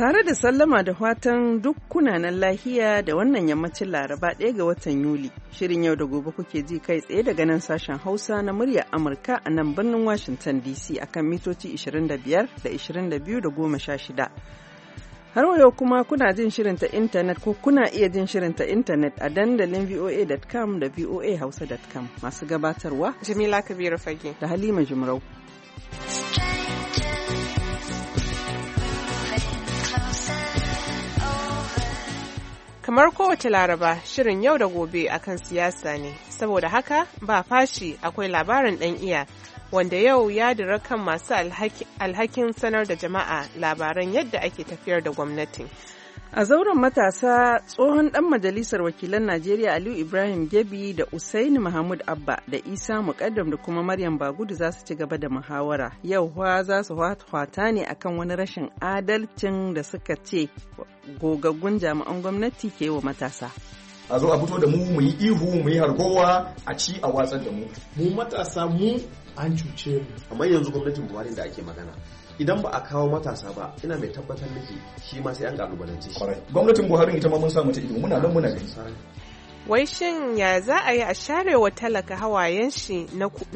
Tare da sallama da fatan duk kunanan lahiya da wannan yammacin laraba ɗaya ga watan Yuli. Shirin yau da gobe kuke ji kai tsaye daga nan sashen Hausa na murya Amurka a nan birnin Washington DC akan mitoci 25 da 22 da 16. Har yau kuma kuna jin shirin ta intanet ko kuna iya jin shirin ta intanet a dandalin voa.com da voahausa.com masu gabatarwa. Jamila Kabiru Fage. Da Halima Jumrau. Kamar kowace laraba shirin yau da gobe akan siyasa ne, saboda haka ba fashi akwai labarin ɗan iya wanda yau ya dira kan masu alhakin sanar da jama'a labaran yadda ake tafiyar da gwamnatin. A zauren matasa tsohon ɗan majalisar wakilan Najeriya Aliyu Ibrahim Gebi da Usaini Mahmud Abba da Isa Muƙaddam da kuma Maryam Bagudu za su ci gaba da muhawara. Yau hwa za su hwata ne akan wani rashin adalcin da suka ce gogaggun jami'an gwamnati ke wa matasa. a zo a fito da mu mu yi ihu mu yi harkowa a ci a watsar da mu mu matasa mu an cuce mu amma yanzu gwamnatin buhari da ake magana idan ba a kawo matasa ba ina mai tabbatar miki shi ma sai an kalubalance shi gwamnatin buhari ita ma mun sa mata ido muna nan muna gani wai shin ya za a yi a share wa talaka hawayen shi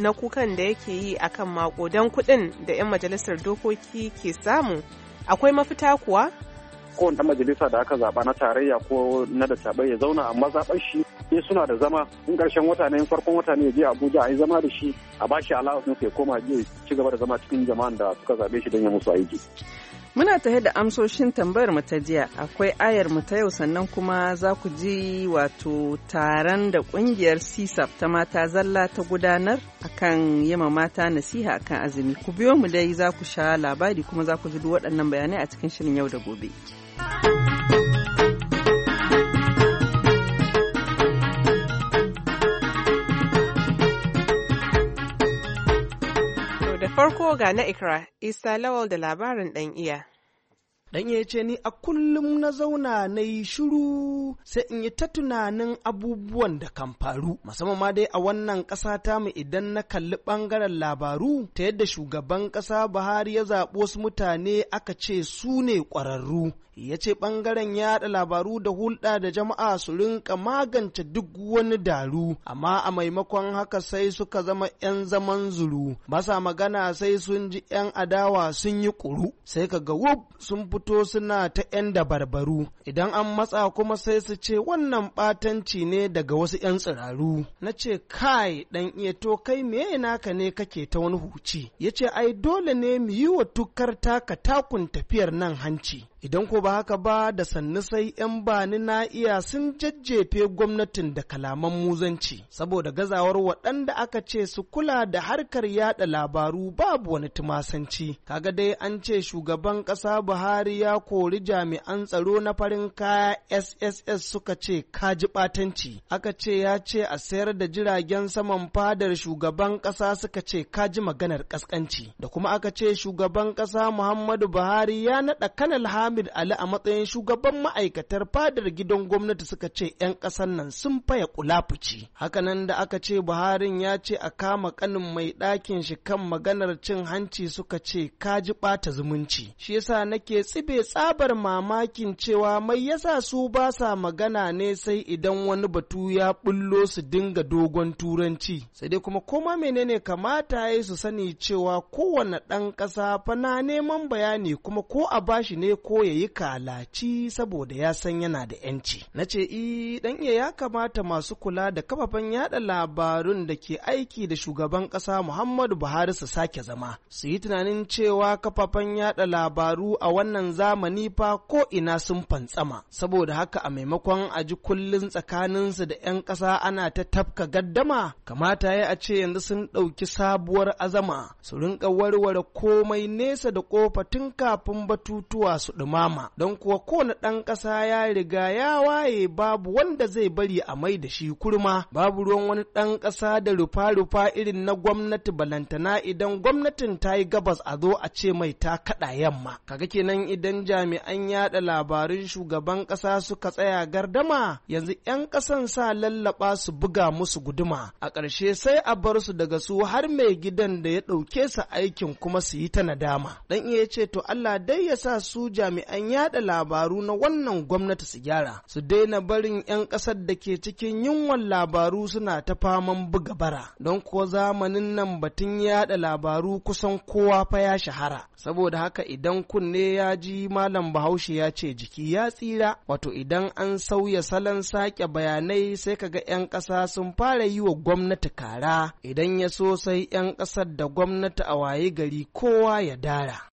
na kukan da yake yi akan makodan kuɗin da 'yan majalisar dokoki ke samu akwai mafita kuwa kowane majalisa da aka zaba na tarayya ko na da tabai ya zauna amma zaben shi ne suna da zama in karshen wata ne farkon wata ne ya je Abuja a yi zama da shi a bashi allowance sai koma je ci gaba da zama cikin jama'an da suka zabe shi don ya musu aiki Muna tahe da amsoshin tambayar mu ta jiya akwai ayar mu ta yau sannan kuma za ku ji wato taron da kungiyar CSAP ta mata zalla ta gudanar akan yima mata nasiha akan azumi ku biyo mu dai za ku sha labari kuma za ku ji waɗannan bayanai a cikin shirin yau da gobe. farko ga na ikra isa lawal da labarin ɗan iya Dan ya ce ni a kullum na zauna na yi shiru sai in yi ta tunanin abubuwan da kan faru. Musamman ma dai a wannan ƙasa ta mu idan na kalli ɓangaren labaru ta yadda shugaban ƙasa Buhari ya zaɓi wasu mutane aka ce su ne ƙwararru ya ce ɓangaren yaɗa labaru da hulɗa da jama'a su rinka magance duk wani daru amma a maimakon haka sai suka zama 'yan zaman zuru masa magana sai sun ji 'yan adawa sun yi ƙuru sai ka ga wub sun fito suna ta 'yan dabarbaru idan an matsa kuma sai su ce wannan ɓatanci ne daga wasu 'yan tsiraru na ce kai ɗan iya to kai me naka ne kake ta wani huci ya ce ai dole ne mu yi wa tukar taka takun tafiyar nan hanci idan ko ba haka ba da sannu sai 'yan bani na iya sun jajjefe gwamnatin da kalaman muzanci saboda gazawar waɗanda aka ce su kula da harkar yada labaru babu wani tumasanci kaga dai an ce shugaban ƙasa buhari ya kori jami'an tsaro na farin kaya sss suka ce kaji ɓatanci aka ce ya ce a sayar da jiragen saman fadar shugaban ƙasa suka ce kaji maganar ƙasƙanci da kuma aka ce shugaban ƙasa muhammadu buhari ya naɗa kanal Muhammad Ali a matsayin shugaban ma'aikatar fadar gidan gwamnati suka ce 'yan ƙasar nan sun faya kulafuci. Hakanan da aka ce Buharin ya ce a kama kanin mai ɗakin shi kan maganar cin hanci suka ce kaji ɓata zumunci. Shi yasa nake tsibe tsabar mamakin cewa mai yasa su ba sa magana ne sai idan wani batu ya bullo su dinga dogon turanci. Sai dai kuma koma menene kamata ya su sani cewa kowane ɗan ƙasa fa na neman bayani kuma ko a bashi ne ko ya yi kalaci saboda ya san yana da yanci na ce i dan iya ya kamata masu kula da kafafen yada labarun da ke aiki da shugaban kasa muhammadu buhari su sake zama su yi tunanin cewa kafafen yada labaru a wannan zamani fa ko ina sun fantsama saboda haka a maimakon a ji kullun tsakaninsu da 'yan ƙasa ana ta tafka gaddama kamata ya a ce yanzu sun ɗauki sabuwar azama su rinka warware komai nesa da kofa tun kafin batutuwa su dumama don kuwa kowane ɗan ƙasa ya riga ya waye babu wanda zai bari a mai da shi kurma babu ruwan wani ɗan ƙasa da rufa-rufa irin na gwamnati balantana idan gwamnatin ta yi gabas a zo a ce mai ta kaɗa yamma kaga kenan idan jami'an yaɗa labarin shugaban ƙasa suka tsaya gardama yanzu 'yan ƙasan sa lallaɓa su buga musu guduma a ƙarshe sai a bar su daga su har mai gidan da ya ɗauke su aikin kuma su yi ta nadama dan iya ce to Allah dai ya sa su jami'an jami'an yada labaru na wannan gwamnati su gyara su daina barin 'yan ƙasar da ke cikin yunwan labaru suna ta faman buga bara don ko zamanin nan batun yada labaru kusan kowa fa ya shahara saboda haka idan kunne ya ji malam bahaushe ya ce jiki ya tsira wato idan an sauya salon sake bayanai sai kaga 'yan ƙasa sun fara yi wa gwamnati kara idan ya so sai 'yan ƙasar da gwamnati a waye gari kowa ya dara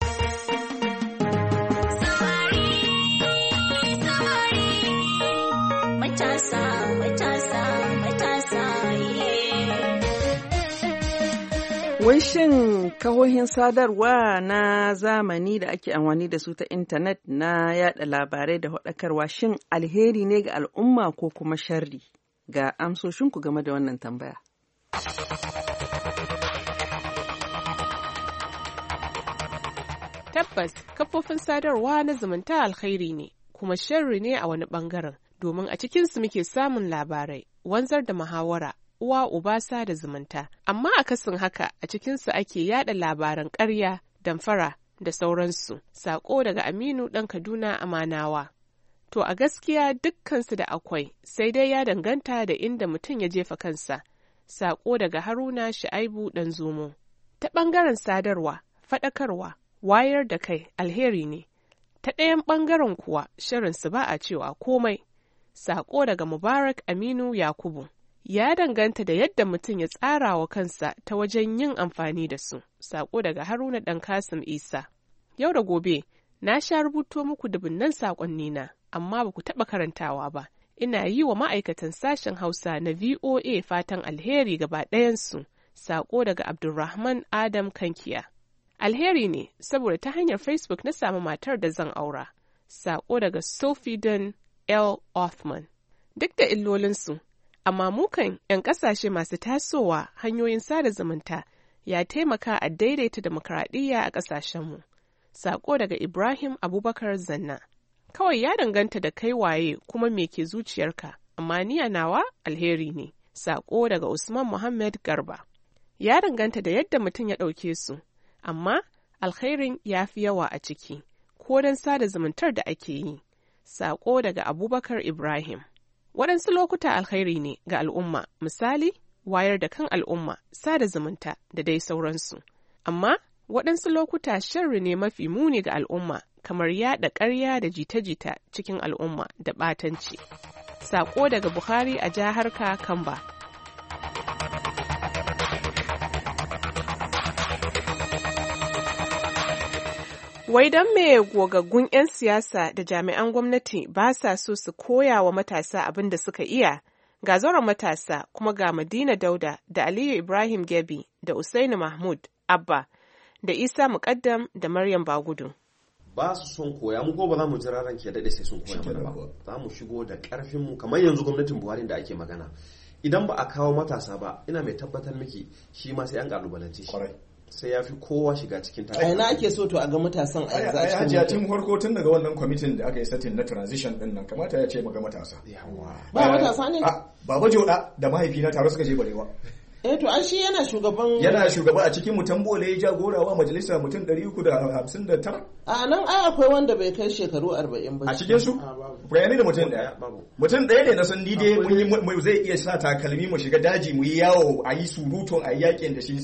Wai shin kahohin sadarwa na zamani da ake amfani da su ta intanet na yada labarai da hudakarwa shin alheri ne ga al'umma ko kuma sharri ga amsoshinku game da wannan tambaya. Tabbas kafofin sadarwa na zumunta alheri ne kuma sharri ne a wani bangaren domin a cikinsu muke samun labarai, wanzar da muhawara, uwa Ubasa da zumunta. Amma akasin haka a cikinsu ake yada labaran ƙarya, damfara da sauransu. Saƙo daga Aminu ɗan Kaduna Amanawa. To a gaskiya dukkansu da akwai, sai dai ya danganta da inda mutum ya jefa kansa. Saƙo daga Haruna Sha'aibu ɗan Zomo. Ta ɓangaren sadarwa, faɗakarwa, wayar da kai alheri ne. Ta ɗayan ɓangaren kuwa shirinsu ba a cewa komai. Saƙo daga Mubarak Aminu Yakubu. ya danganta da yadda mutum ya tsara wa kansa ta wajen yin amfani da su. Sako daga Haruna ɗan Kasim Isa. Yau da gobe, na sha rubuto muku dubunnan saƙonni na, amma ba ku taɓa karantawa ba. Ina yi wa ma'aikatan sashen Hausa na VOA fatan alheri gaba ɗayansu. Sako daga Abdulrahman Adam Kankiya. Alheri ne, saboda ta hanyar Facebook na samu matar da zan aura. Sako daga Sophie Dunn L. Othman. Duk da illolinsu, Amma mukan 'yan kasashe masu tasowa hanyoyin sada zumunta ya taimaka a daidaita demokradiyya a kasashenmu Sako daga Ibrahim Abubakar Zanna. Kawai ya danganta da kai waye kuma me ke zuciyarka, amma niya nawa alheri ne. Sako daga Usman Muhammad Garba. Ya danganta da yadda mutum ya ɗauke su, amma alkhairin ya fi yawa a ciki, ko don sada zumuntar da ake yi. Sako daga Abubakar Ibrahim. Waɗansu lokuta alkhairi ne ga al'umma, misali wayar da kan al'umma, sada zumunta da dai sauransu. Amma waɗansu lokuta sharri ne mafi muni ga al'umma kamar yaɗa ƙarya da jita-jita cikin al'umma da ɓatanci. Saƙo daga Buhari a jihar Kamba. Wai don me gogaggun 'yan siyasa da jami'an gwamnati ba sa so su koya wa matasa abin da suka iya? Ga zauren matasa kuma ga Madina Dauda da Aliyu Ibrahim Gebi da Usaini Mahmud Abba da Isa Muƙaddam da Maryam Bagudu. ba su son koya mu ko ba za mu jira ranke daɗe sai sun koya mana ba za mu shigo da ƙarfin mu kamar yanzu gwamnatin buhari da ake magana idan ba a kawo matasa ba ina mai tabbatar miki shi ma sai an ƙalubalance shi sai ya fi kowa shiga cikin ta. na ake so to a ga matasan a yanzu a cikin mutum. tun farko tun daga wannan kwamitin da aka yi satin na transition din nan kamata ya ce maga matasa. Yawa. Ba matasa ne? Baba Joda da mahaifi na tare suka je barewa. eh to an shi yana shugaban yana shugaba a cikin mutan bole ya jagorawa majalisa mutum 359 a nan ai akwai wanda bai kai shekaru 40 ba a cikin su ni da mutum daya mutum daya ne na san mun yi mai zai iya sa takalmi mu shiga daji mu yi yawo a yi surutun a yakin da shi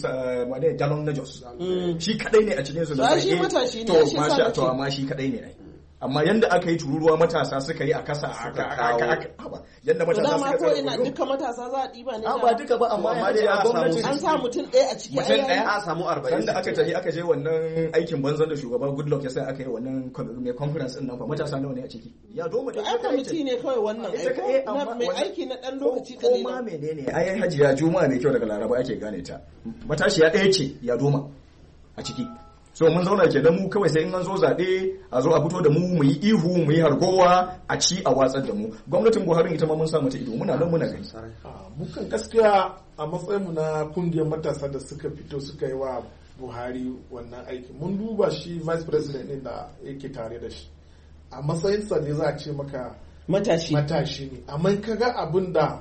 wane dalon na jos eh. shi kadai ne a cikin su da shi matashi ne to amma shi kadai ne ai amma yanda aka yi tururuwa matasa suka yi a kasa a aka aka yanda matasa suka ko ina duka matasa za a diba ne ba duka ba amma amma dai a gwamnati an sa mutum ɗaya a ciki mutum ɗaya a samu 40 sanda aka tafi aka je wannan aikin banzan da shugaba Goodluck ya sai aka yi wannan mai conference din nan fa matasa nawa ne a ciki ya doma da ai kwamiti ne kawai wannan eh, mai aiki na dan lokaci kalilan ko ma menene ai hajiya juma'a ne kyau daga laraba ake gane ta matashi ya ɗaya ce ya doma a ciki so mun zauna ke mu kawai sai in an zo zaɓe a zo a fito da mu mu yi ihu mu yi hargowa a ci a watsar da mu gwamnatin buhari ita ma mun sa mata ido muna nan muna gani mukan gaskiya a matsayin mu na kungiyar matasa da suka fito suka yi wa buhari wannan aiki mun duba shi vice president ɗin da yake tare da shi a matsayin sa ne za a ce maka matashi matashi ne amma ka ga abin da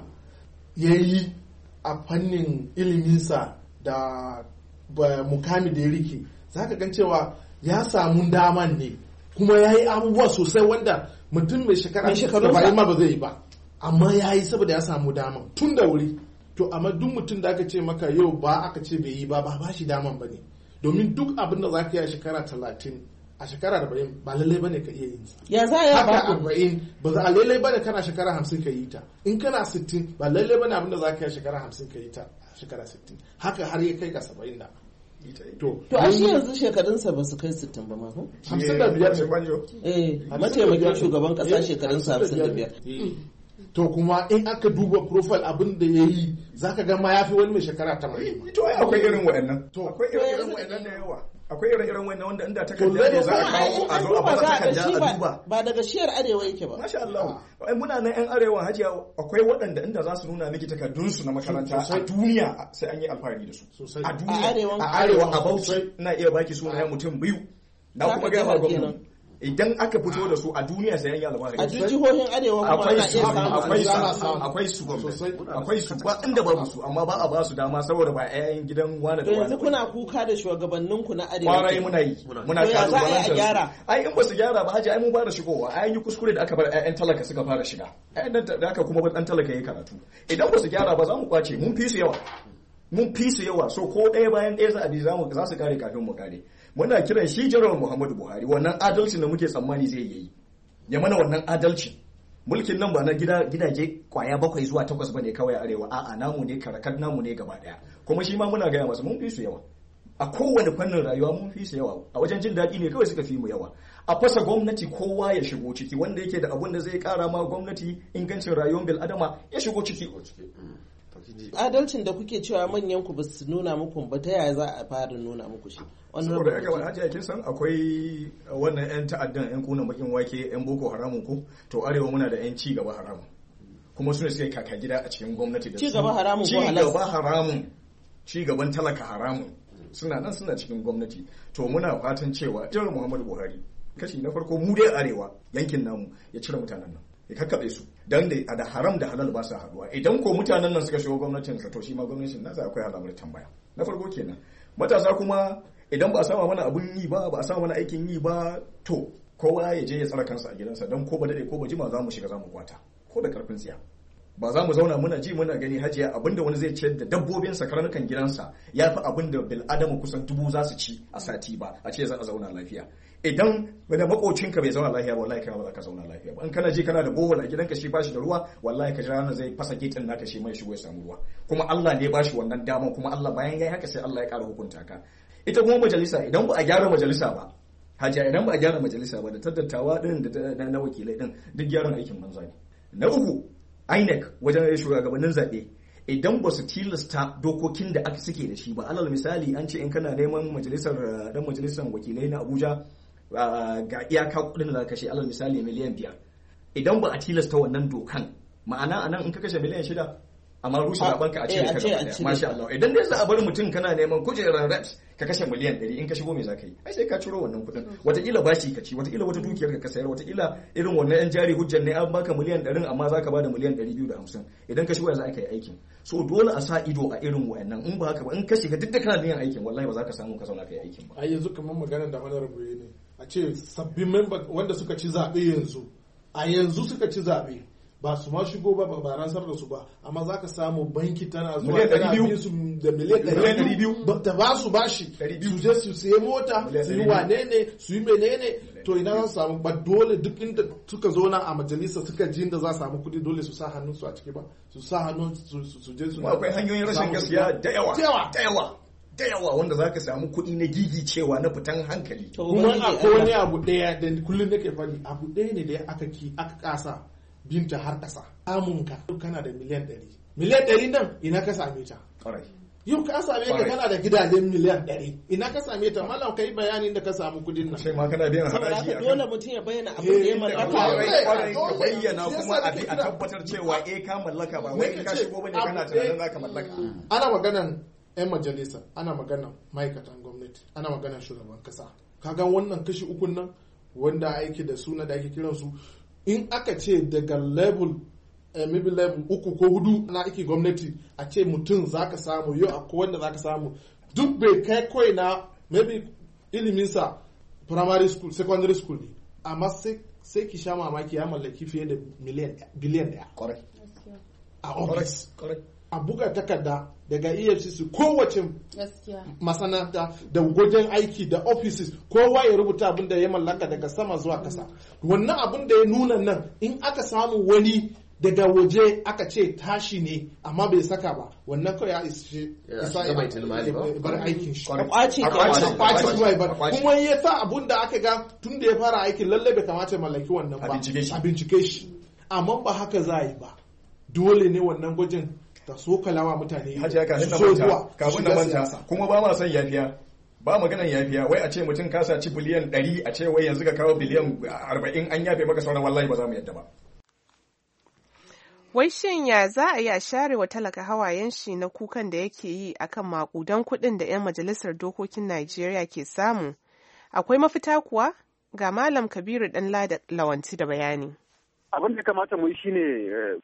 ya yi a fannin iliminsa da mukami da ya rike za ka gan cewa ya samu daman ne kuma ya yi abubuwa sosai wanda mutum mai shekara ba ma ba zai yi ba amma ya yi saboda ya samu daman tun da wuri to amma duk mutum da aka ce maka yau ba aka ce bai yi ba ba ba shi daman ba ne domin duk abin da za ka yi a shekara talatin a shekara arba'in ba lallai bane ka iya yin sa ya za ya ba arba'in ba za lallai bane kana shekara hamsin ka yi ta in kana sittin ba lallai bane abin da za ka yi a shekara hamsin ka yi ta a shekara sittin haka har ya kai ga saba'in da to a shi yanzu shekarunsa ba su kai 60 ba ma ko 55 eh mataimakin shugaban kasa eh, shekarunsa 55 eh. to kuma in aka duba profile abin da ya yi za ka gama ya fi wani mai shekara 80 eh, to akwai irin waɗannan to akwai irin waɗannan da yawa akwai ire-iren wani wanda inda takarda ne za a kawo a zo a ta kalli a duba ba daga shiyar arewa yake ba masha Allah ai muna nan yan arewa hajiya akwai waɗanda inda za su nuna miki takardun su na makaranta a duniya sai an yi alfahari da su a a arewa a bauchi ina iya baki sunayen mutum biyu na kuma gaya ba gwamnati idan aka fito da su a duniya sayan yi zama a jihohin arewa akwai su akwai su akwai su akwai su ba inda ba su amma ba a ba su dama saboda ba ƴaƴan gidan wani da yanzu kuna kuka da shugabannin ku na arewa kwarai muna yi muna a gyara ai in ba su gyara ba haji ai mun da shigowa ai yi kuskure da aka bar ƴaƴan talaka suka fara shiga ƴaƴan da aka kuma bar dan talaka yayi karatu idan ba su gyara ba za mu kwace mun fi su yawa mun fi su yawa so ko ɗaya bayan ɗaya za a bi za su kare kafin mu kare muna kiran shi jiran muhammadu buhari wannan adalci da muke tsammani zai yi ya mana wannan adalci mulkin nan ba na gidaje kwaya bakwai zuwa takwas ba ne kawai arewa a'a namu ne karakar namu ne gaba daya kuma shi ma muna gaya masu mun fi su yawa a kowane fannin rayuwa mun fi su yawa a wajen jin daɗi ne kawai suka fi mu yawa a fasa gwamnati kowa ya shigo ciki wanda yake da abun da zai kara ma gwamnati ingancin rayuwar bil'adama ya shigo ciki adalcin da kuke cewa manyan ku ba su nuna muku ba ta yaya za a fara nuna muku shi saboda ya gaba hajiya kin san akwai wannan yan ta'addan yan kuna bakin wake yan boko haramun ko to arewa muna da yan ci gaba haramun kuma su ne suke kaka gida a cikin gwamnati da ci gaba haramun ko ci gaba haramun ci gaban talaka haramun suna nan suna cikin gwamnati to muna fatan cewa jiran muhammadu buhari kashi na farko mu dai arewa yankin namu ya cire mutanen nan ya kakkaɓe su dan da da haram da halal ba su haduwa idan ko mutanen nan suka shigo gwamnatin ka to shi ma gwamnatin nasa akwai alamar tambaya na farko kenan matasa kuma idan ba a sama mana abun yi ba ba a sama mana aikin yi ba to kowa ya je ya tsara kansa a gidansa don ko ba dade ko ba jima za mu shiga za mu kwata ko da karfin tsiya ba za mu zauna muna ji muna gani hajiya abinda wani zai ciyar da dabbobinsa karnukan gidansa ya fi abinda bil adamu kusan dubu za su ci a sati ba a ce za a zauna lafiya idan da makocinka bai zauna lafiya ba wallahi kai ba za ka zauna lafiya ba in kana ji kana da bohol a gidanka shi bashi da ruwa wallahi ka jira zai fasa gitin naka shi mai shigo ya samu ruwa kuma Allah ne bashi wannan dama kuma Allah bayan yayi haka sai Allah ya ƙara hukunta ka ita kuma majalisa idan ba a gyara majalisa ba haja idan ba a gyara majalisa ba da tattattawa din da na wakilai din duk gyaran aikin banza ne na uku INEC wajen shugabannin zaɓe idan ba su tilasta dokokin da aka suke da shi ba alal misali an ce in kana neman majalisar dan majalisar wakilai na Abuja ga iyaka kudin da kashe alal misali miliyan biyar idan ba a tilasta wannan dokan ma'ana anan in ka kashe miliyan shida amma rushe ah, banka a eh, cire ka masha Allah idan dai za a bar mutum kana neman kujerar reps ka kashe miliyan 100 in ka shigo me za ka yi ai sai ka ciro wannan kuɗin mm. wataƙila bashi ka ci wataƙila wata dukiyar ka sayar wataƙila irin wannan yan jari hujjar ne an baka miliyan 100 amma za ka bada miliyan 250 idan ka shigo yanzu aka yi aikin so dole a sa ido a irin wayannan in ba haka ba in ka shiga duk da kana aikin wallahi ba za ka samu ka zauna ka yi aikin ba ai yanzu kaman maganar da honorable ne a ce sabbin memba wanda suka ci zaɓe yanzu a yanzu suka ci zaɓe ba su ma shigo ba ba rantsar da su ba amma za ka samu banki tana zuwa tana bin su da miliyan biyu da ba su bashi su je su sayi mota su yi wane ne su yi menene to ina za su samu ba dole duk inda suka zauna a majalisa suka ji da za su samu kuɗi dole su sa hannun su a ciki ba su sa hannun su je su akwai hanyoyin rashin gaskiya da yawa da yawa da yawa wanda za ka samu kuɗi na gigi cewa na fitan hankali kuma akwai wani abu daya da kullum nake faɗi abu daya ne da aka ki aka kasa binta har ƙasa ka kana da miliyan ɗari miliyan ɗari nan ina ka same ta yau ka same ka kana da gidajen miliyan ɗari ina ka same ta malam kai bayanin da ka samu kudin nan sai ma kana biyan haraji akan dole mutum ya bayyana abu eh, da ya mallaka ka bayyana kuma a tabbatar cewa eh ka mallaka ba wai ka shigo bane kana tunanin zaka mallaka ana maganan 'yan majalisa ana magana ma'aikatan gwamnati ana magana shugaban kasa kaga wannan kashi ukun nan wanda aiki da suna da ake kiransu in aka ce daga level eh, maybe level uku ko hudu na aiki gwamnati a ce mutum ka samu yau akwai wanda ka samu duk bai kai kawai na maybe iliminsa primary school secondary school ne amma sai ki sha mamaki ya mallaki fiye da biliyan daya a office a buga takarda daga efcc kowace masana'anta da wajen aiki da offices kowa ya rubuta abin da ya mallaka daga sama zuwa kasa wannan abin da ya nuna nan in aka samu wani daga waje aka ce tashi ne amma bai saka ba wannan kawai ya isa ya bar aikin shi kwace kwace kuma ya bar kuma ya sa abun da aka ga tun da ya fara aikin lalle bai kamata mallaki wannan ba a bincike shi amma ba haka za a yi ba dole ne wannan gwajin ta so kalawa mutane hajiya ka manta kuma ba ma son yafiya ba maganan yafiya wai a ce mutum ka saci biliyan 100 a ce wai yanzu ka kawo biliyan 40 an yafe maka sauran wallahi ba za mu yadda ba wai shin ya za a yi a share wa talaka hawayen shi na kukan da yake yi akan makudan kudin da 'yan majalisar dokokin Najeriya ke samu akwai mafita kuwa ga malam kabiru dan lawanci da bayani abin da kamata mu yi ne eh,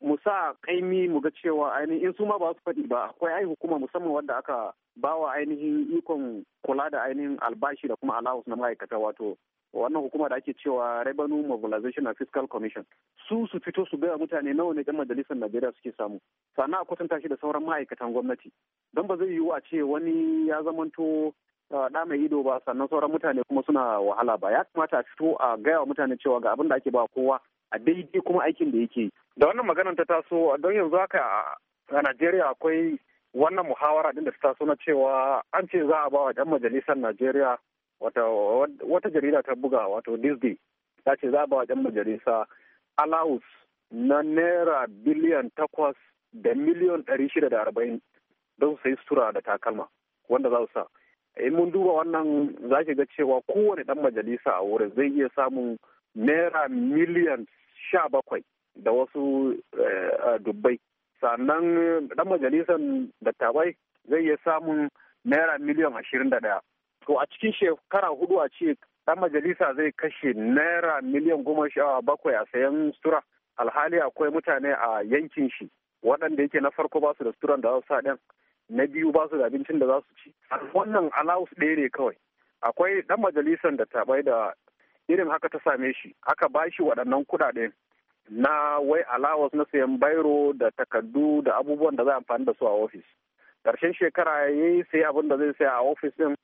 mu sa kaimi mu ga cewa ainihin in su ma ba su faɗi ba akwai ai hukuma musamman wanda aka ba wa ainihin ikon kula da ainihin albashi da kuma allowance na ma'aikata wato wannan hukuma da ake cewa revenue mobilization and fiscal commission su su fito su gaya mutane nawa ne yan majalisar najeriya suke samu sannan a kwatanta shi da sauran ma'aikatan gwamnati don ba zai yiwu a ce wani ya zamanto da eh, mai ido ba sannan sauran mutane kuma suna wahala ba ya kamata a fito a gaya wa mutane cewa ga abin da ake ba kowa a daidai kuma aikin da yake da wannan maganar ta taso don yanzu haka a najeriya akwai wannan muhawara din da ta taso na cewa an ce za a ba wa ɗan majalisar najeriya wata jarida ta buga wato disney ta ce za a ba wa ɗan majalisa allowance na naira biliyan takwas da miliyon ɗari shida da arba'in don su sayi sutura da takalma wanda za su sa in mun duba wannan za ki ga cewa kowane ɗan majalisa a wurin zai iya samun naira miliyan sha bakwai da wasu eh, dubbai sannan ɗan majalisar dattabai zai iya samun naira miliyan ashirin da daya to a cikin shekara hudu a ce ɗan majalisa zai kashe naira miliyan goma sha bakwai a sayan sutura alhali akwai mutane a yankin shi waɗanda yake na farko ba su da suturan da za su sa na biyu ba su da abincin da za su ci wannan alawus ɗaya ne kawai akwai ɗan majalisar da da irin haka ta same shi aka ba shi waɗannan kuɗaɗe na wai alawas na sayan bairo da takardu da abubuwan da za amfani da su a ofis ƙarshen shekara ya yi sai abin da zai saya a ofis ɗin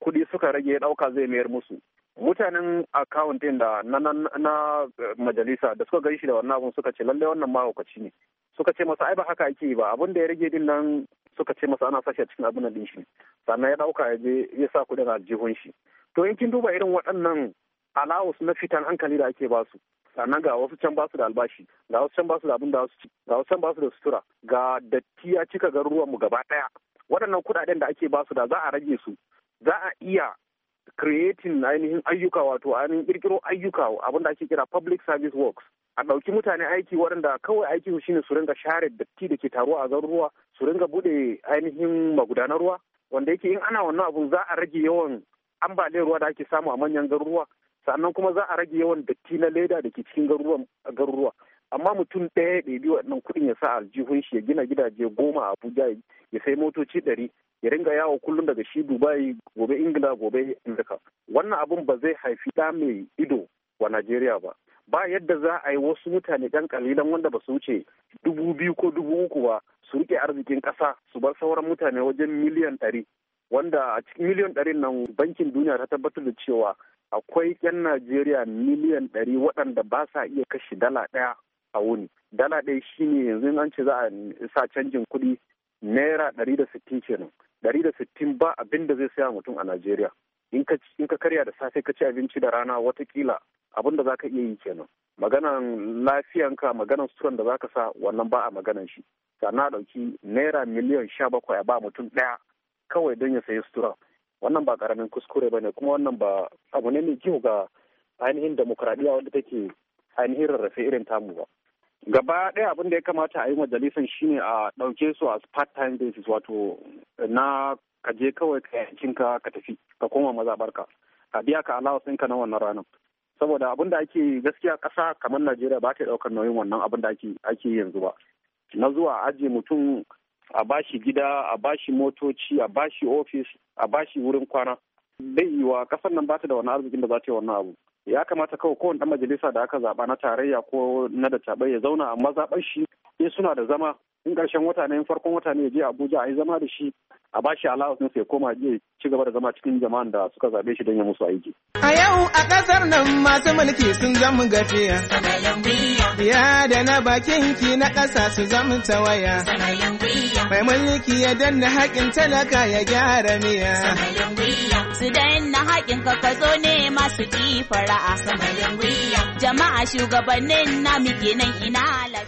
kuɗi suka rage ya ɗauka zai mayar musu mutanen account ɗin da na, eh, majalisa da suka gani shi da wannan abun suka ce lallai wannan mahaukaci ne suka ce masa ai ba haka ake yi ba abin da ya rage din nan suka ce masa ana sashi a cikin abin din shi sannan ya ɗauka ya je ya sa kuɗin aljihun shi to in kin duba irin waɗannan alawus na fitan hankali da ake ba su. sannan ga wasu can basu da albashi ga wasu can basu da abin da wasu ci ga wasu can basu da sutura ga datti ya cika garuruwan mu gaba daya waɗannan kuɗaɗen da ake basu da za a rage su za a iya creating ainihin ayyuka wato ainihin kirkiro ayyuka abin da ake kira public service works a ɗauki mutane aiki waɗanda kawai aiki su shine su ringa share datti da ke taruwa a garuruwa su ringa buɗe ainihin magudanar ruwa wanda yake in ana wannan abun za a rage yawan ambaliyar ruwa da ake samu a manyan garuruwa sannan kuma za a rage yawan datti na leda da ke cikin garuruwa amma mutum ɗaya ya ɗebi waɗannan kuɗin ya sa aljihun shi ya gina gidaje goma a abuja ya sai motoci ɗari ya ringa yawo kullum daga shi dubai gobe ingila gobe amurka wannan abun ba zai haifi ɗa mai ido wa najeriya ba ba yadda za a yi wasu mutane ɗan kalilan wanda ba su wuce dubu biyu ko dubu uku ba su rike arzikin ƙasa su bar sauran mutane wajen miliyan ɗari wanda a cikin miliyan ɗarin nan bankin duniya ta tabbatar da cewa akwai 'yan najeriya miliyan ɗari waɗanda ba sa iya kashe dala ɗaya a wuni dala ɗaya shine yanzu an ce za a sa canjin kuɗi naira ɗari da sittin kenan ɗari da sittin ba abin da zai saya mutum a najeriya in ka karya da safe ka ci abinci da rana watakila abin da za ka iya yi kenan maganan lafiyanka maganan suturan da za ka sa wannan ba a maganan shi sannan a ɗauki naira miliyan sha bakwai a ba mutum ɗaya kawai don ya sayi sutura wannan ba karamin kuskure ba ne kuma wannan ba abu ne mai kyau ga ainihin demokradiyya wanda take ainihin rarrafe irin tamu ba gaba ɗaya abin da ya kamata a yi majalisan shine a ɗauke su a part time basis wato na ka je kawai ka yankin ka ka tafi ka koma mazabarka ka biya ka sun ka na wannan ranar saboda abin da ake gaskiya ƙasa kamar najeriya ba ta ɗaukar nauyin wannan abin da ake ake yanzu ba na zuwa ajiye mutum a bashi gida a bashi motoci a bashi ofis a bashi wurin kwana bai wa kasar nan bata da wani arzikin da za ta yi wannan abu ya kamata kawai kowane dan majalisa da aka zaba na tarayya ko na da ya zauna amma zaɓen shi in suna da zama in ƙarshen wata ne farkon wata ne je Abuja a yi zama da shi a bashi allowance sai koma je ci gaba da zama cikin jama'an da suka zabe shi don ya musu aiki. A yau a ƙasar nan masu mulki sun zama gafiya. Ya da na bakin ki na ƙasa su zama tawaya. Mai mulki ya danna haƙin talaka ya gyara miya. Su danna haƙin ka ka zo ne masu ƙi fara'a. Jama'a shugabannin na muke nan ina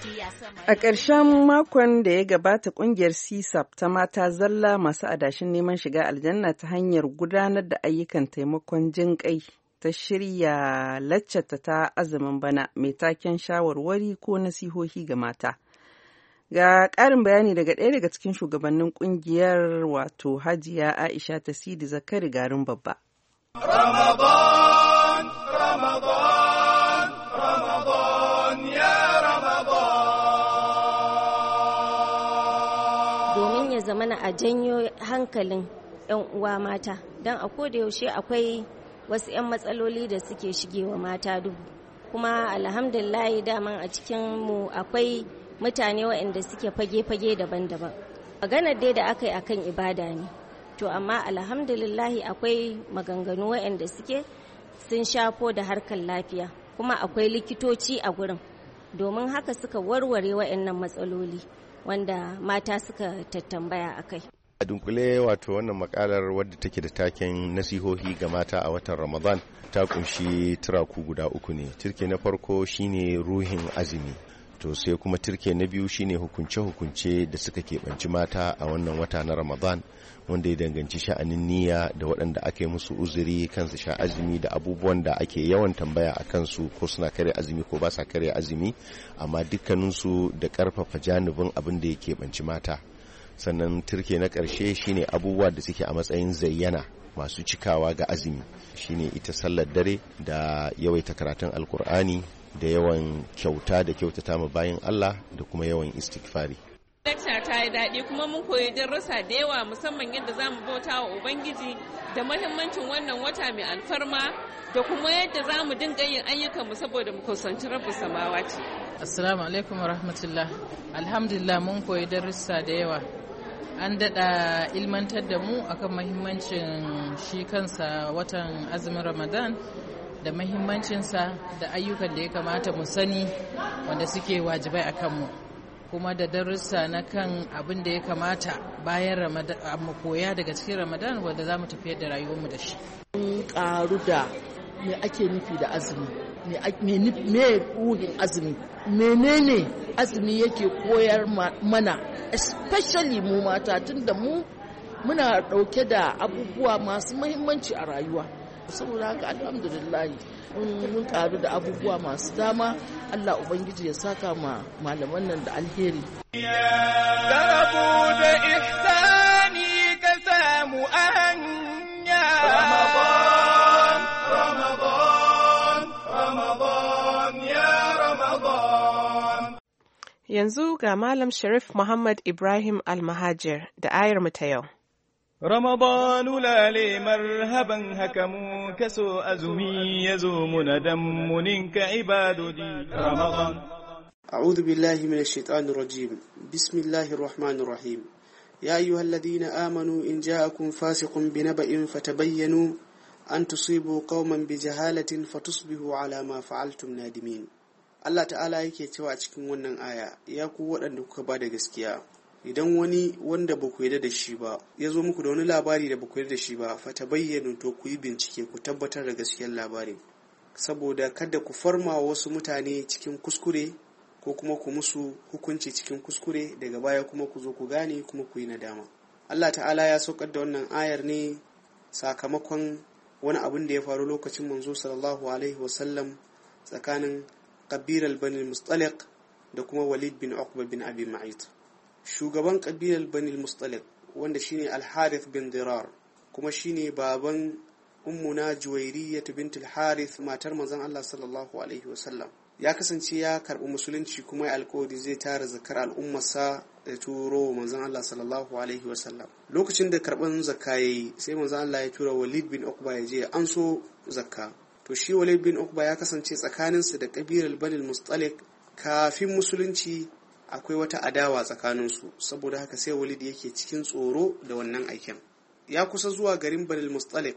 A ƙarshen makon da ya gabata ƙungiyar CSAP ta mata zalla masu adashin neman shiga aljanna ta hanyar gudanar da ayyukan taimakon jin ƙai ta shirya laccata ta azumin bana mai taken shawarwari ko nasihohi ga mata. Ga ƙarin bayani daga ɗaya daga cikin shugabannin ƙungiyar wato Hajiya Aisha ta Sidi Zakari garin babba. Ramadan a janyo hankalin 'yan uwa mata don a yaushe akwai wasu 'yan matsaloli da suke shigewa mata dubu kuma alhamdulillahi daman a cikin mu akwai mutane waɗanda suke fage-fage daban-daban maganar dai da aka yi a kan ibada ne to amma alhamdulillahi akwai maganganu waɗanda suke sun shafo da harkar lafiya kuma akwai likitoci a gurin domin haka suka warware waɗannan matsaloli wanda mata suka tattambaya a kai. A dunkule wato wannan makalar wadda take da taken nasihohi ga mata a watan Ramadan ta kunshi turaku guda uku ne. Turke na farko shine ruhin azumi to sai kuma turke na biyu shine hukunce-hukunce da suka keɓanci mata a wannan wata na ramadan wanda ya danganci sha'anin niyya da waɗanda aka yi musu uzuri kansu sha azumi da abubuwan da ake yawan tambaya a kansu ko suna karya azumi ko ba sa karya azumi amma dukkaninsu da ƙarfafa janibin abin da ya keɓanci mata sannan turke na ƙarshe shine abubuwa da suke a matsayin zayyana masu cikawa ga azumi shine ita sallar dare da yawaita karatun alkur'ani da yawan kyauta da kyautata ma bayan Allah da kuma yawan istighfari. Lecture ta yi daɗi kuma mun koyi darussa da yawa musamman yadda za mu bauta wa Ubangiji da mahimmancin wannan wata mai alfarma da kuma yadda za mu dinga yin ayyukanmu saboda mu kusanci rabu samawa ce. Assalamu alaikum wa rahmatullah. Alhamdulillah mun koyi darussa da yawa. an daɗa ilmantar da mu akan mahimmancin shi kansa watan azumin ramadan da mahimmancinsa da ayyukan da ya kamata mu sani wanda suke wajibai a kanmu kuma da darussa na kan abin da ya kamata bayan mu koya daga cikin ramadan wanda za mu tafiyar da rayuwarmu da shi. Mun karu da me ake nufi da azumi me ruhin azumi menene azumi yake koyar mana especially mu mata tunda mu muna ɗauke da abubuwa masu mahimmanci a rayuwa saboda haka alhamdulillah mun karu da abubuwa masu dama Allah Ubangiji ya saka ma malaman nan da alheri. da Yanzu ga Malam Sharif Muhammad Ibrahim Almahajir da ayar mu ta yau. رمضان لي مرهبا هكموا كسو أزمي يزومنا دم عباد دي رمضان أعوذ بالله من الشيطان الرجيم بسم الله الرحمن الرحيم يا أيها الذين آمنوا إن جاءكم فاسق بنبأ فتبينوا أن تصيبوا قوما بجهالة فتصبحوا على ما فعلتم نادمين الله تعالى يكي تواجك من wannan آية. يا قوة ku waɗanda idan wani wanda ba ku yarda da shi ba ya zo muku da wani labari da ba ku yarda da shi ba fa ta bayyana to ku yi bincike ku tabbatar da gaskiyar labarin saboda kada ku farma wasu mutane cikin kuskure ko kuma ku musu hukunci cikin kuskure daga baya kuma ku zo ku gane kuma ku yi nadama Allah ta'ala ya saukar da wannan ayar ne sakamakon wani abin da ya faru lokacin manzo sallallahu alaihi wasallam tsakanin kabir al-bani mustaliq da kuma walid bin uqba bin abi shugaban kabilar bani mustalik wanda shine al bin dirar kuma shine baban ummuna juwairiyyat bintul harith matar manzon Allah sallallahu alaihi wasallam ya kasance ya karbi musulunci kuma ya alkawari zai tara zakar sa da turo manzon Allah sallallahu alaihi wasallam lokacin da karban zakka yayi sai manzon Allah ya tura Walid bin Uqba ya je an so zakka to shi Walid bin Uqba ya kasance tsakaninsa da kabilar Bani Mustalik kafin musulunci akwai wata adawa tsakaninsu saboda haka sai walid yake cikin tsoro da wannan aikin ya kusa zuwa garin banil mustalik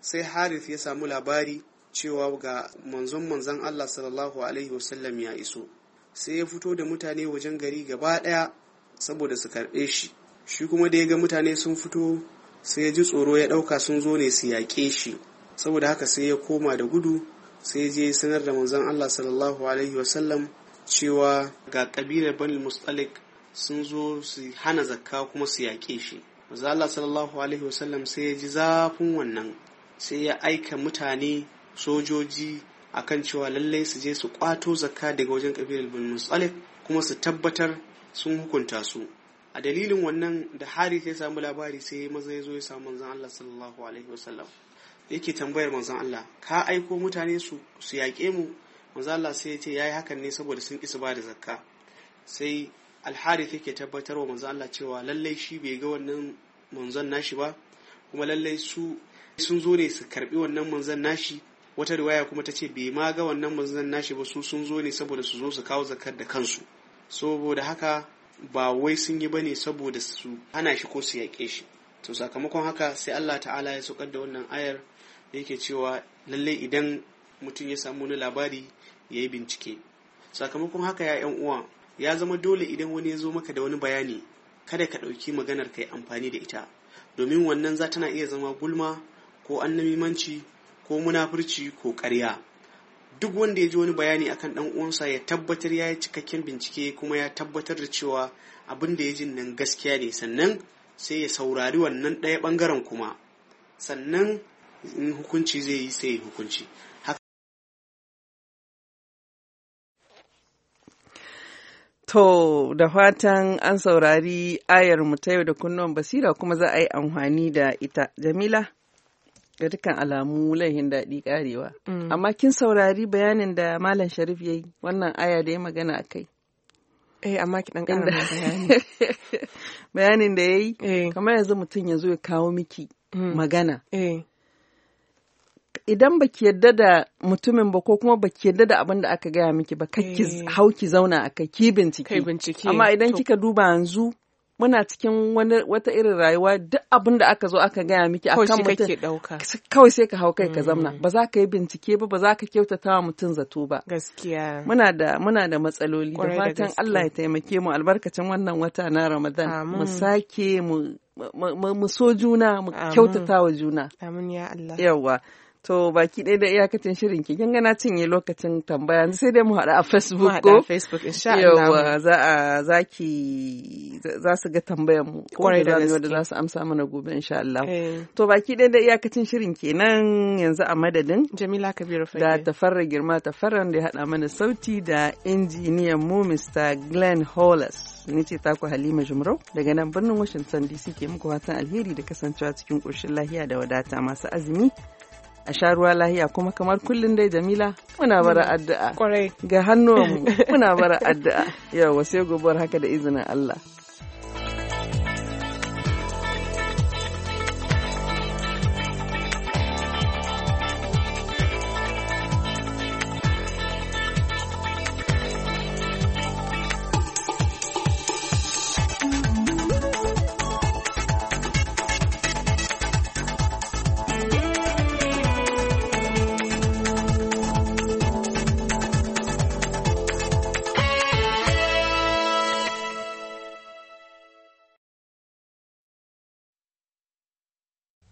sai harith ya samu labari cewa ga manzon manzon allah sallallahu alaihi wasallam ya iso sai ya fito da mutane wajen gari gaba daya saboda su karbe shi shi kuma da ya ga mutane sun fito sai ya ji tsoro ya dauka sun zo ne su yaƙe shi saboda haka sai ya koma da gudu sai je sanar da manzon allah sallallahu alaihi wasallam cewa ga kabilar bani mustalik sun zo su hana zakka kuma su yaƙe shi Allah sallallahu alaihi wasallam sai ya ji zafin wannan sai ya aika mutane sojoji akan cewa lallai su je su kwato zakka daga wajen kabilar bani mustalik kuma su tabbatar sun hukunta su a dalilin wannan da hari ya samu labari sai maza ya zo ya samu manzon Allah sallallahu alaihi wasallam yake tambayar manzon Allah ka aiko mutane su yaƙe mu manzo Allah sai ya ce yayi hakan ne saboda sun isa ba da zakka sai ta yake tabbatar wa manzo Allah cewa lallai shi bai ga wannan manzon nashi ba kuma lallai su sun zo ne su karbi wannan manzon nashi wata riwaya kuma ta ce bai ma ga wannan manzon nashi ba su sun zo ne saboda su zo su kawo zakar da kansu saboda haka ba wai sun yi ne saboda su hana shi ko su yaƙe shi to sakamakon haka sai Allah ta'ala ya saukar da wannan ayar da yake cewa lallai idan mutum ya samu wani labari ya yi bincike sakamakon haka ya yan uwa ya zama dole idan wani ya zo maka da wani bayani kada ka ɗauki maganar ka yi amfani da ita domin wannan za tana iya zama gulma ko annamimanci ko munafurci ko karya duk wanda ya ji wani bayani akan ɗan uwansa ya tabbatar ya yi cikakken bincike kuma ya tabbatar da cewa abin da ya ji nan gaskiya ne sannan sai ya saurari wannan ɗaya ɓangaren kuma sannan in hukunci zai yi sai hukunci To, da fatan an saurari ayar ta yau da kunnuwan basira kuma za a yi amfani da ita. Jamila, ga dukkan alamu laihin daɗi ƙarewa. Mm. Amma kin saurari bayanin da Malam Sharif ya yi wannan aya da ya magana a kai. Eh, amma ki ɗan ƙara bayani. Bayanin da ya yi, eh. kamar yanzu mutum ya zo ya kawo miki mm. magana. Eh. idan baki yadda da mutumin ba ko kuma baki yadda da abin da aka gaya miki ba ki eh. hau ki zauna a kai ki bincike amma idan kika duba yanzu muna cikin wani wata irin rayuwa duk abin da aka zo aka gaya miki a kan mutum kawai sai ka hau kai ka zamna mm. ba za ka yi bincike ba ba za ka kyautata wa mutum zato ba gaskiya muna da muna da matsaloli da fatan Allah ya taimake mu albarkacin wannan wata na Ramadan mu sake mu mu so juna mu kyautata wa juna amin ya Allah yawa To baki ɗaya da iyakacin shirin ki kin gana cinye lokacin tambaya sai dai mu haɗu a Facebook ko Facebook insha Allah. za a za za su ga tambayar mu ko da wanda za su amsa mana gobe insha Allah. Eh. To baki ɗaya da iyakacin shirin kenan yanzu a madadin Jamila Kabiru Fage da Tafarra Girma Tafarran da ya haɗa mana sauti da injiniyan mu Mr. Glenn Hollis. Ni ce taku Halima Jumrau daga nan birnin Washington DC ke muku fatan alheri da kasancewa cikin ƙoshin lahiya da wadata masu azumi. a sha ruwa lahiya kuma kamar kullum dai Jamila muna bara mm. addu'a. Ga hannuwanmu muna bara addu'a. Yawa sai gobuwar haka da izinin Allah.